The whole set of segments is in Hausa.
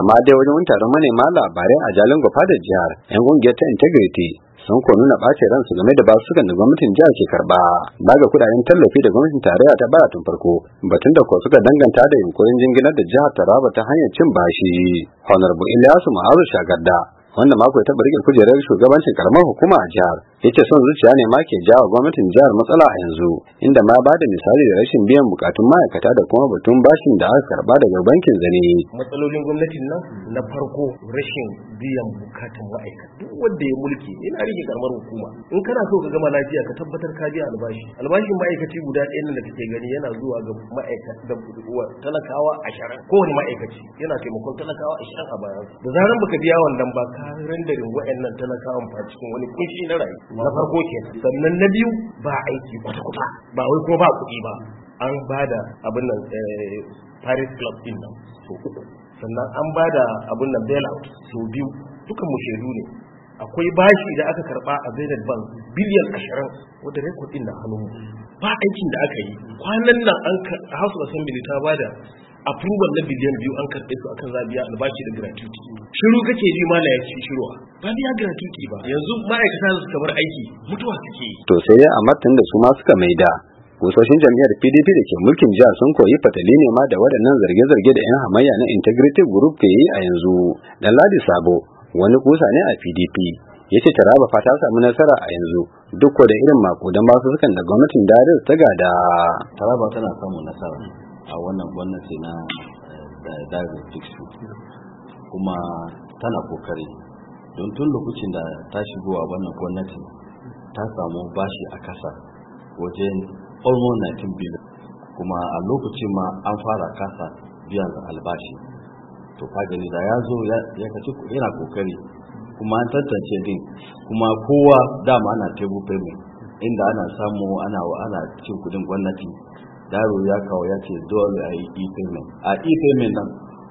amma dai wajen taron manema labarai a jalin gwafa da jihar yan kungiyar ta integrity sun ko nuna ɓacin ransu game da basukan da gwamnatin jihar ke karɓa ba ga kudaden tallafi da gwamnatin tarayya ta bara tun farko batun da kuwa suka danganta da yunkurin jinginar da jihar taraba ta hanyar cin bashi honorable ilyasu ma'azu shagarda wanda mako ya taɓa rike kujerar shugabancin karamar hukuma a jihar Yace son zuciya ne ma ke jawo gwamnatin jihar matsala a yanzu inda ma ba da misali da rashin biyan bukatun ma'aikata da kuma batun bashin da aka karba daga bankin zane matsalolin gwamnatin nan na farko rashin biyan bukatun ma'aikata duk wanda ya mulki ina rike karamar hukuma in kana so ka gama lafiya ka tabbatar ka biya albashi albashin ma'aikaci guda ɗaya nan da kake gani yana zuwa ga ma'aikata da talakawa ashirin kowane ma'aikaci yana taimakon talakawa ashirin a bayan da zaran baka biya wannan ba ka rindarin wa'annan talakawan fa cikin wani kunshi na rayu na farko ke sannan na biyu ba aiki kwata kwata ba wai ko ba kuɗi ba an ba da abin nan eh, paris club din nan so uku sannan an ba da abin nan bailout so biyu dukan mu shaidu ne akwai bashi da aka karba a zainal bank biliyan ashirin wadda rekod din na hannun ba aikin da aka yi kwanan nan an house assembly ta ba da approval na biliyan biyu an karɓe su akan zabiya albashi da gratuity shiru kake ji mala ya ci shiruwa ba biya gratuity ba yanzu ma'aikata su kamar aiki mutuwa suke to sai ya a martan da su ma suka maida kusoshin jam'iyyar pdp da ke mulkin jihar sun koyi fatali ne ma da waɗannan zarge-zarge da 'yan hamayya na Integrative group ke yi a yanzu dan ladi sabo wani kusa ne a pdp ya ce taraba Fata ta samu nasara a yanzu duk da irin makudan basu sukan da gwamnatin darin ta gada taraba tana samun nasara a wannan gwamnati na eh, diagnostics kuma tana kokari don tun lokacin da ta shigo a wannan gwamnati ta samu bashi a kasa wajen almost 19 billion kuma a lokacin ma an fara kasa biyan albashi to ka gani da ya zo ya kaci yana kokari kuma an tantance din kuma kowa dama ana table payment inda ana samu ana ana cin kudin gwamnati yaro ya kawo ya ce dole a yi e-payment a e-payment nan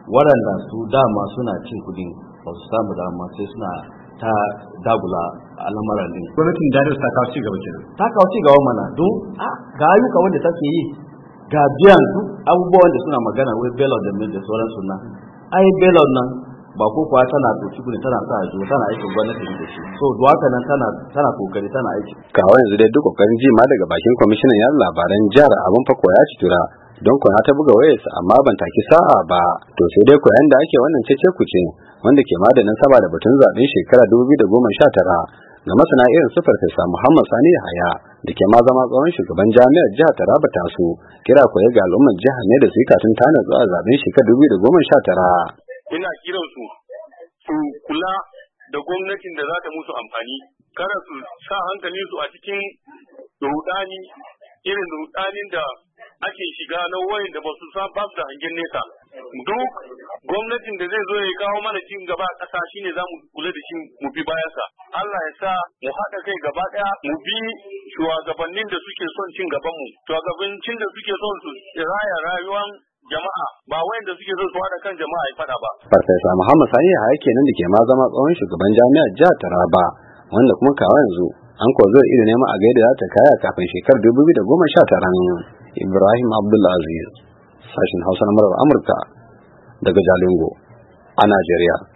waɗanda su dama suna cin kudin ba su samu dama sai suna ta dagula al'amuran din gwamnatin darius ta kawo cigaba kenan ta kawo cigaba mana don ga ayyuka wanda take yi ga biyan abubuwan da suna magana wai bailout da mai da sauran suna ai bailout nan ba ko kuwa tana doki gudun tana sa zo tana aikin gwamnati da shi so zuwa nan tana tana kokari tana aiki kawo yanzu dai duk kokarin ji daga bakin kwamishinan yan labaran jihar abun fa koya ci tura don kuwa ta buga su, amma ban taki sa'a ba to sai dai koyan da ake wannan cece kuce wanda ke ma da saba da batun zaben shekara 2019 ga masana irin su farfesa Muhammad Sani Yahaya da ke ma zama tsawon shugaban jami'ar jihar Taraba taso kira koyi ga al'ummar jihar ne da su yi katin tana zuwa zaben shekara 2019. ina kiran su su kula da gwamnatin da za ta musu amfani kada su sa hankalin su a cikin rudani irin rudanin da ake shiga na wayan da ba su sa ba su da hangen nesa duk gwamnatin da zai zo ya kawo mana cin gaba ƙasa shine za mu kula da shi mu bi bayansa Allah ya sa mu haɗa kai gaba ɗaya mu bi shugabannin da suke son cin gabanmu shugabancin da suke son su raya rayuwan jama'a ba wayanda suke so su kan jama'a ya fada ba. Farfesa Muhammad Sani ya yake nan da ke ma zama tsawon shugaban jami'ar jihar Taraba wanda kuma kawo yanzu an ko zai ne ma a gaida za ta kaya kafin shekarar dubu biyu da goma sha tara Ibrahim Abdulaziz sashen Hausa na Amurka daga Jalingo a Najeriya.